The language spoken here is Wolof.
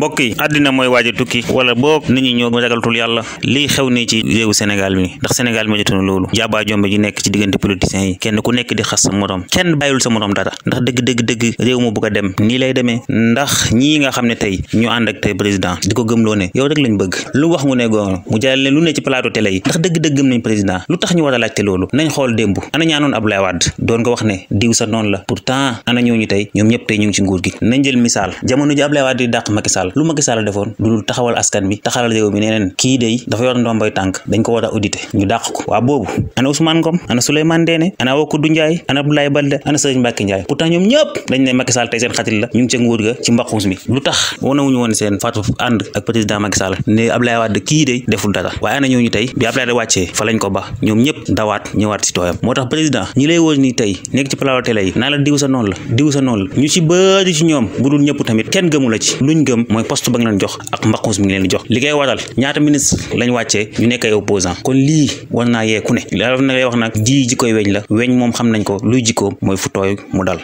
mbokk àddina mooy waaj a tukki wala boog nit ñi ñoo ragaltul yàlla lii xew nii ci réewu Sénégal bi ndax Sénégal mi jotunu loolu jaabaa jombe ji nekk ci ku nekk di xas sa morom kenn bàyyul sa nga xam ne tey ñu ànd ak président di ko gëmloo ne yow rek lañ bëgg lu wax mu ne goon mu jàll leen lu ne ci plateau télé yi ndax dëgg-dëgg gëm nañ président lu tax ñu war a loolu nañ xool démb ana ñaanoon Abdoulaye Wade doon ko wax ne diw sa noonu la pourtant ana ñooñu tey ñoom ñëpp tey ñu ngi ci nguur gi nañ jël misaal lu Macky defoon du dul taxawal askan bi taxawal réew mi neneen kii day dafa yor ndombay tànk dañ ko war a ñu dàq ko waa boobu ana Ousmane Ngom ana Souleymane Ndéné ana Wokudu Ndiaye ana ana Serigne Mbacké Ndiaye pourtant la ñu ngi ca nguur ga ci mbaxuus bi lu tax wanawuñu woon seen fatu ànd kii day deful dara waaye ana ñooñu tey bi Abdoulaye wàccee fa lañ ko ba ñoom ñëpp dawaat ñëwaat si tooyam moo tax président ñi lay wóor ni tey nekk ci plateau télé yi naa la diw sa noonu la diw sa noonu la ñu ci bëri ci ñoom bu dul ñëpp mooy poste ba nga leen jox ak mbaquus mi ngi leen di jox li koy ñaata ministre lañ wàccee ñu nekk ay kon lii war naa yee ku ne la na lay wax nag ji ji koy la weñ moom xam nañ ko luy jikkoom mooy fu tooy mu dal